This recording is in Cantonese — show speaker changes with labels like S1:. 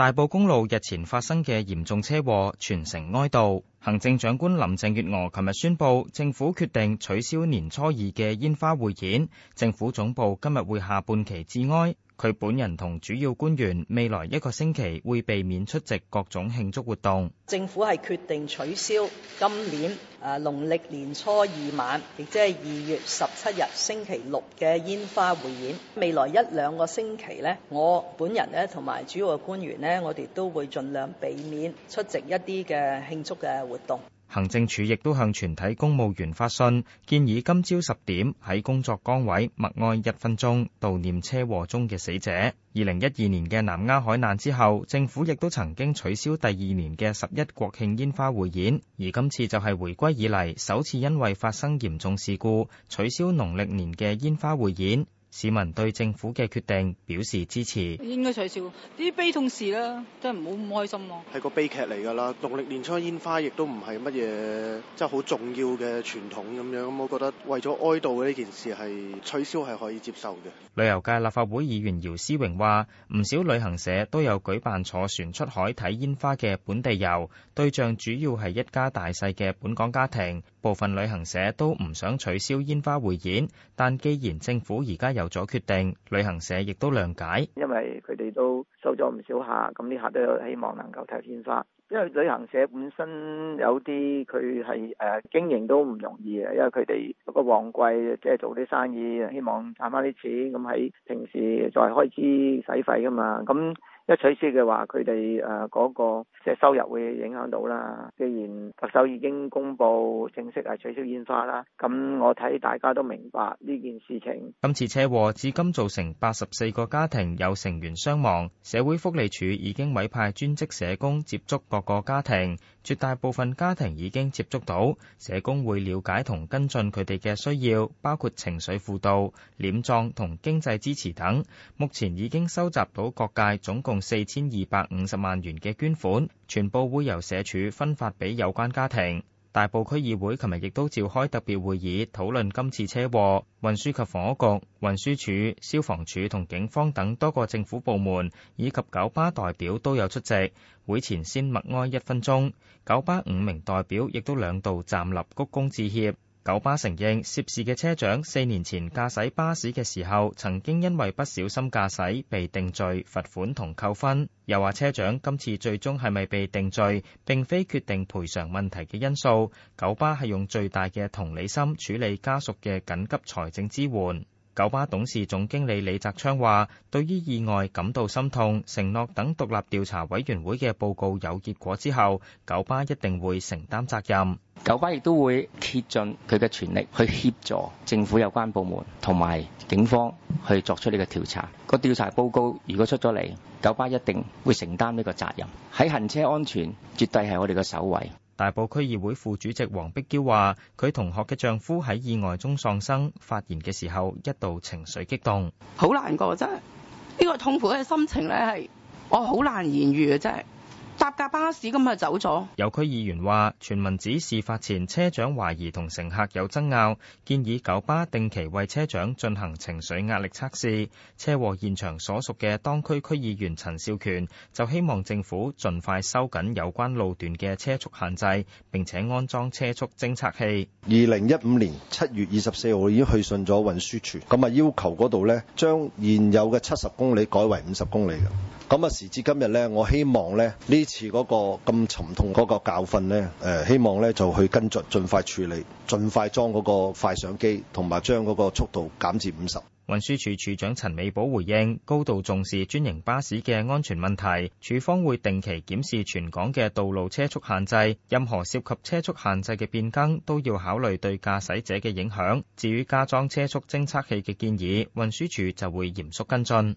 S1: 大埔公路日前發生嘅嚴重車禍，全城哀悼。行政長官林鄭月娥琴日宣布，政府決定取消年初二嘅煙花匯演。政府總部今日會下半旗致哀。佢本人同主要官員未來一個星期會避免出席各種慶祝活動。政府係決定取消今年誒農曆年初二晚，亦即係二月十七日星期六嘅煙花匯演。未來一兩個星期呢，我本人咧同埋主要嘅官員呢，我哋都會盡量避免出席一啲嘅慶祝嘅活動。行政署亦都向全體公務員發信，建議今朝十點喺工作崗位默哀一分鐘，悼念車禍中嘅死者。二零一二年嘅南丫海難之後，政府亦都曾經取消第二年嘅十一國慶煙花匯演，而今次就係回歸以嚟首次因為發生嚴重事故，取消農曆年嘅煙花匯演。市民對政府嘅決定表示支持，應該取消呢啲悲痛事啦，真係唔好咁開心咯。係個悲劇嚟㗎啦，獨立年初煙花亦都唔係乜嘢，即係好重要嘅傳統咁樣。咁我覺得為咗哀悼呢件事係取消係可以接受嘅。旅遊界立法會議員姚思榮話，唔少旅行社都有舉辦坐船出海睇煙花嘅本地遊，對象主要係一家大細嘅本港家庭。部分旅行社都唔想取消煙花匯演，但既然政府而家有，由咗決定，旅行社亦都諒解，因為佢哋都收咗唔少客，咁啲客都有希望能夠睇煙花，因為旅行社本身有啲佢係誒經營都唔容易嘅，因為佢哋個旺季即係做啲生意，希望賺翻啲錢，咁喺平時再開支使費噶嘛，咁。一取消嘅話，佢哋誒嗰個即收入會影響到啦。既然特首已經公布正式係取消煙花啦，咁我睇大家都明白呢件事情。今次車禍至今造成八十四個家庭有成員傷亡，社會福利署已經委派專職社工接觸各個家庭。絕大部分家庭已經接觸到社工會了解同跟進佢哋嘅需要，包括情緒輔導、殮葬同經濟支持等。目前已經收集到各界總共四千二百五十萬元嘅捐款，全部會由社署分發俾有關家庭。大埔區議會琴日亦都召開特別會議討論今次車禍，運輸及房屋局、運輸署、消防署同警方等多個政府部門以及九巴代表都有出席。會前先默哀一分鐘，九巴五名代表亦都兩度站立鞠躬致歉。九巴承認涉事嘅車長四年前駕駛巴士嘅時候，曾經因為不小心駕駛被定罪、罰款同扣分。又話車長今次最終係咪被定罪，並非決定賠償問題嘅因素。九巴係用最大嘅同理心處理家屬嘅緊急財政支援。九巴董事總經理李澤昌話，對於意外感到心痛，承諾等獨立調查委員會嘅報告有結果之後，九巴一定會承擔責任。九巴亦都會竭盡佢嘅全力去協助政府有關部門同埋警方去作出呢個調查。個調查報告如果出咗嚟，九巴一定會承擔呢個責任。喺行車安全，絕對係我哋嘅首位。大埔區議會副主席黃碧嬌話：佢同學嘅丈夫喺意外中喪生，發言嘅時候一度情緒激動，好難過真係，呢個痛苦嘅心情咧係我好難言喻嘅真係。搭架巴士咁啊走咗。有區議員話：傳聞指事發前車長懷疑同乘客有爭拗，建議九巴定期為車長進行情緒壓力測試。車禍現場所屬嘅當區區議員陳少權就希望政府盡快收緊有關路段嘅車速限制，並且安裝車速偵測器。二零一五年七月二十四號已經去信咗運輸署，咁啊要求嗰度呢將現有嘅七十公里改為五十公里嘅。咁啊時至今日呢，我希望咧呢。次嗰個咁沉痛嗰個教訓咧，誒希望咧就去跟進，盡快處理，盡快裝嗰個快相機同埋將嗰個速度減至五十。運輸署署長陳美寶回應，高度重視專營巴士嘅安全問題，署方會定期檢視全港嘅道路車速限制，任何涉及車速限制嘅變更都要考慮對駕駛者嘅影響，至於加裝車速偵測器嘅建議，運輸署就會嚴肅跟進。